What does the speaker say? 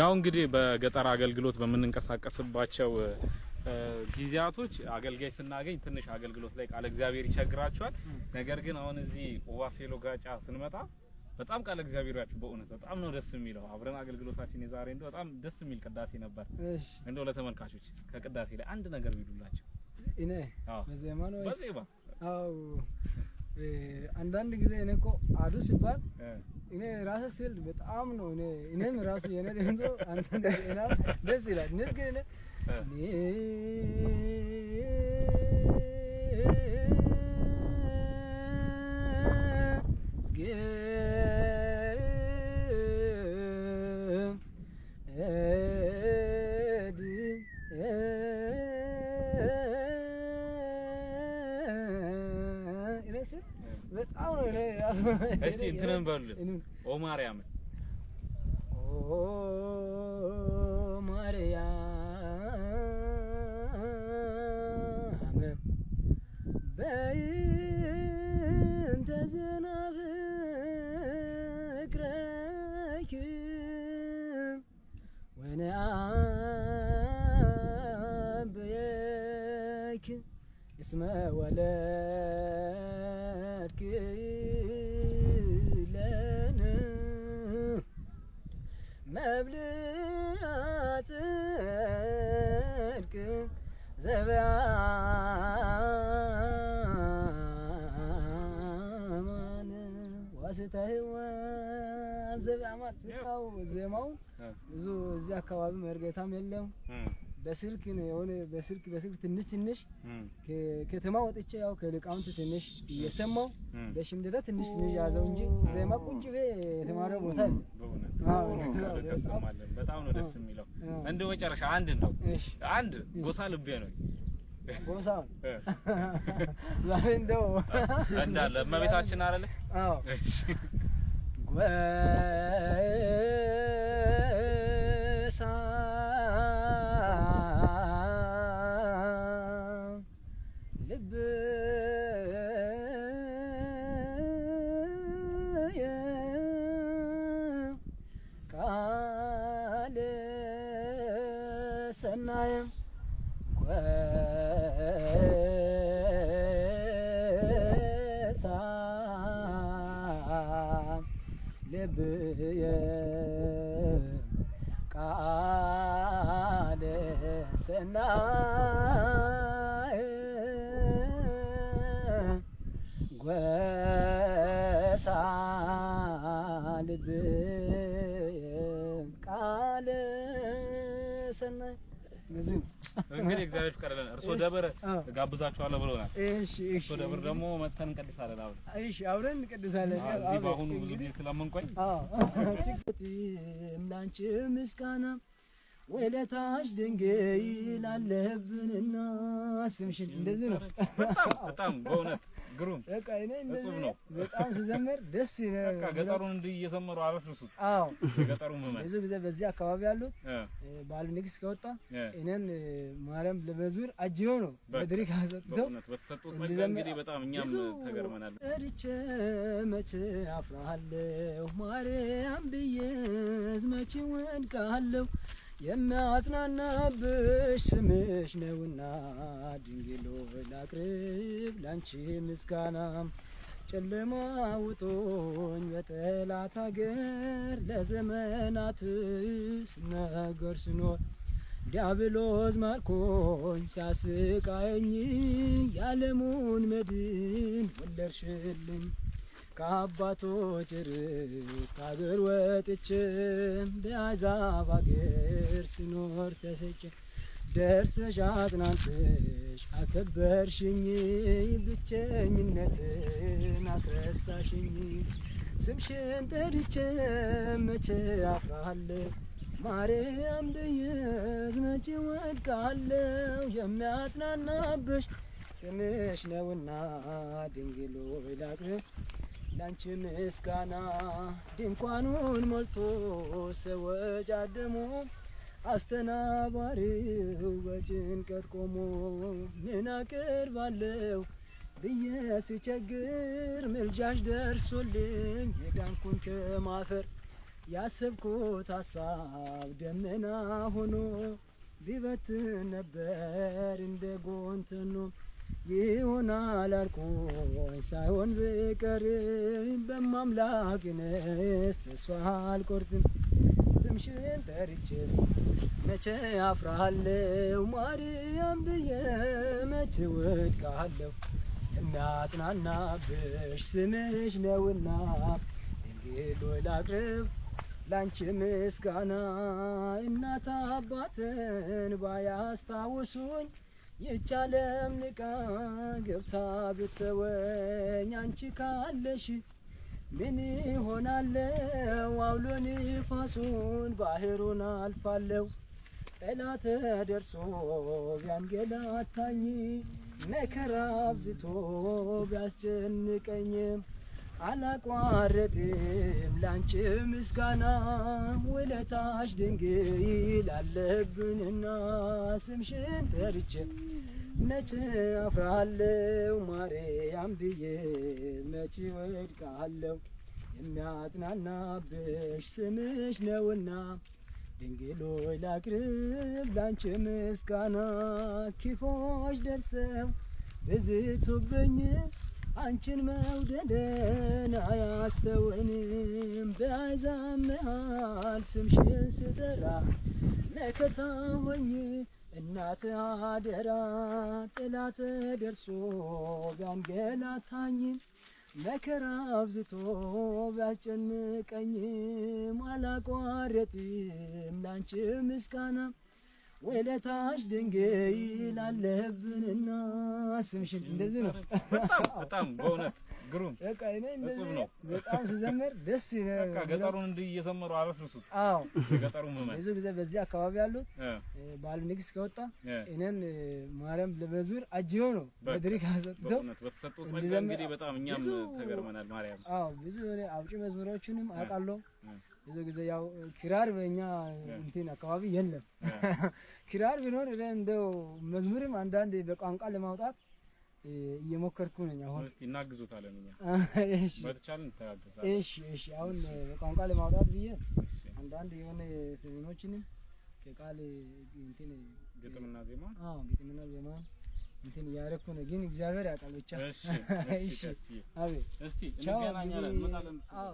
ያው እንግዲህ በገጠር አገልግሎት በምንንቀሳቀስባቸው ጊዜያቶች አገልጋይ ስናገኝ ትንሽ አገልግሎት ላይ ቃለ እግዚአብሔር ይቸግራቸዋል። ነገር ግን አሁን እዚህ ኦባሴሎ ጋጫ ስንመጣ በጣም ቃለ እግዚአብሔር ያችሁ በእውነት በጣም ነው ደስ የሚለው። አብረን አገልግሎታችን የዛሬ እንደው በጣም ደስ የሚል ቅዳሴ ነበር። እንደው ለተመልካቾች ከቅዳሴ ላይ አንድ ነገር ቢሉላቸው እኔ በዜማ ነው በዜማ አንዳንድ ጊዜ እኔ እኮ አዱ ሲባል እኔ ራሴ ስል በጣም ነው እኔ እኔም ራሱ የኔ ድምጽ አንዳንድ እና ደስ ይላል። እነዚህ ግን እኔ እስቲ እንትንን በሉልን። ኦ ማርያም ኦ ማርያም በእንተ ዘናፍቅረኪ ወነአብየኪ እስመ ወለድኪ መብልዐ ጽድቅ ዘበአ አማን ዜማው ብዙ እዚህ አካባቢ መርገታም የለም። በስልክ የሆነ በስልክ በስልክ ትንሽ ትንሽ ከተማ ወጥቼ ያው ከልቃውንት ትንሽ እየሰማው በሽምደዳ ትንሽ ትንሽ ያዘው እንጂ ዜማ ቁንጭ ቤ የተማረ ቦታ ነው። በጣም ነው ደስ የሚለው። እንደ መጨረሻ አንድ ነው አንድ ጎሳ ልቤ ነው ጎሳ ዛሬ እንደው እንዳለ እመቤታችን አለልህ ሰናየ ጐሳ ልብየ ቃለ ሰናየ ጐሳ ልብየ ሰናይ እነዚህ ነው እንግዲህ እግዚአብሔር ፍቃድ አለን። እርሶ ደብር ጋብዛችኋለሁ ብለውናል። እሺ እሺ። እርሶ ደብር ደግሞ መተን እንቀድሳለን አሁን። እሺ አብረን እንቀድሳለን። እዚህ በአሁኑ ብዙ ጊዜ ስለምንቆይ አዎ። ምስጋና ወለታሽ ድንግል አለብንና ስምሽን እንደዚህ ነው። በጣም በጣም በእውነት ግሩም በቃ እኔ እንደዚህ ነው። በጣም ስዘምር ደስ ይላል። በቃ ገጠሩን እንዲህ እየዘመሩ አረፍርሱት። አዎ ገጠሩ ምመን ብዙ ጊዜ በዚህ አካባቢ ያሉት ባል ንግስ ከወጣ እኔን ማርያም ለመዝሙር አጅበው ነው በድሪክ አሰጥተው በተሰጡ ጸጋ እንግዲህ በጣም እኛም ተገርመናል። እርቼ መቼ አፍራለሁ ማርያም ብዬ መቼ ወድቃለሁ የማጽናናብሽ ስምሽ ነውና ድንግሎ ላቅርብ ላንቺ ምስጋና። ጨለማ ውጦኝ በጠላት አገር ለዘመናትስ ነገር ስኖር ዲያብሎስ ማርኮኝ ሲያስቃየኝ ያለሙን መድን ወለድሽልኝ። ከአባቶች ርስ ከአገር ወጥችም በአሕዛብ አገር ስኖር ተሰጭ ደርሰሽ አጽናንተሽ አከበርሽኝ ብቸኝነትን አስረሳሽኝ ስምሽን ጠርቼ መቼ አፍራለሁ ማርያም ብዬሽ መቼ ወድቃለሁ የሚያጽናናብሽ ስምሽ ነውና ድንግሎ ላቅርብ ላንቺ ምስጋና ድንኳኑን ሞልቶ ሰዎች አደሞ አስተናባሪው በጭንቀት ቆሞ ምን አቅርባለሁ ብዬ ስቸግር ምልጃሽ ደርሶልኝ የዳንኩን ከማፈር ያሰብኩት ሀሳብ ደመና ሆኖ ቢበትን ነበር እንደ ጎንተኖ ይሆናል አልቆኝ ሳይሆን ብቀር በማምላክ ነስ ተስፋ አልቆርጥም። ስምሽን ጠርቼ መቼ አፍራለሁ ማርያም ብዬ መቼ ወድቃለሁ። የሚያጽናናብሽ ስምሽ ነውና ድንግል ሆይ ላቅርብ ላንቺ ምስጋና እናት አባትን ባያስታውሱኝ የቻለም ንቃ ገብታ ብትወኝ አንቺ ካለሽ ምን ሆናለው? አውሎ ንፋሱን ባህሩን አልፋለው ጠላት ደርሶ ቢያንገላታኝ መከራ አብዝቶ ቢያስጨንቀኝም አላቋረጥም ላንቺ ምስጋና ውለታሽ ድንግል አለብንና ስምሽን ጠርቼ መቼ አፍራለው ማርያም ብዬ መቼ ወድቃለው የሚያጽናናብሽ ስምሽ ነውና ድንግል ላቅርብ ላንቺ ምስጋና ክፎች ደርሰው ብዝቱብኝ አንቺን መውደደን አያስተውንም በአሕዛብ መሃል ስምሽን ስጠራ መከታ ሆኝ እናት አደራ ጠላት ደርሶ ቢያንገላታኝ መከራ አብዝቶ ቢያስጨንቀኝም አላቋረጥም ላንቺ ምስጋና ወለታሽ ድንግል አለብንና አስምሽል እንደዚህ ነው። በጣም በእውነት ግሩም በቃ እኔ እንደዚህ ነው። በጣም ስዘምር ደስ ይላል። ገጠሩን እንዲህ እየዘመሩ አረስሱት። አዎ ገጠሩ ምመን ብዙ ጊዜ በዚህ አካባቢ ያሉት በዓሉ ንግስ ከወጣ እኔን ማርያም ለበዙር አጅበው ነው መድረክ አሰጥተው በተሰጠው ጸጋ እንግዲህ በጣም እኛም ተገርመናል። ማርያም አዎ ብዙ እኔ አውጪ መዝሙሮችንም አውቃለሁ። ብዙ ጊዜ ያው በእኛ እንትን አካባቢ የለም። ክራር ቢኖር እንደው መዝሙርም አንዳንድ በቋንቋ ለማውጣት እየሞከርኩ ነኝ። አሁን እስቲ እናግዙታለን እኛ። እሺ በተቻለን እንተጋገዛለን። እሺ እሺ። አሁን በቋንቋ ለማውጣት ብዬ አንዳንድ የሆነ ስሚኖችንም ከቃል እንትን ግጥምና ዜማ አዎ፣ ግጥምና ዜማ እንትን እያደረኩ ነው፣ ግን እግዚአብሔር ያውቃል ብቻ። እሺ እሺ። አቤት። እስቲ እንገናኛለን። መጣለን። አዎ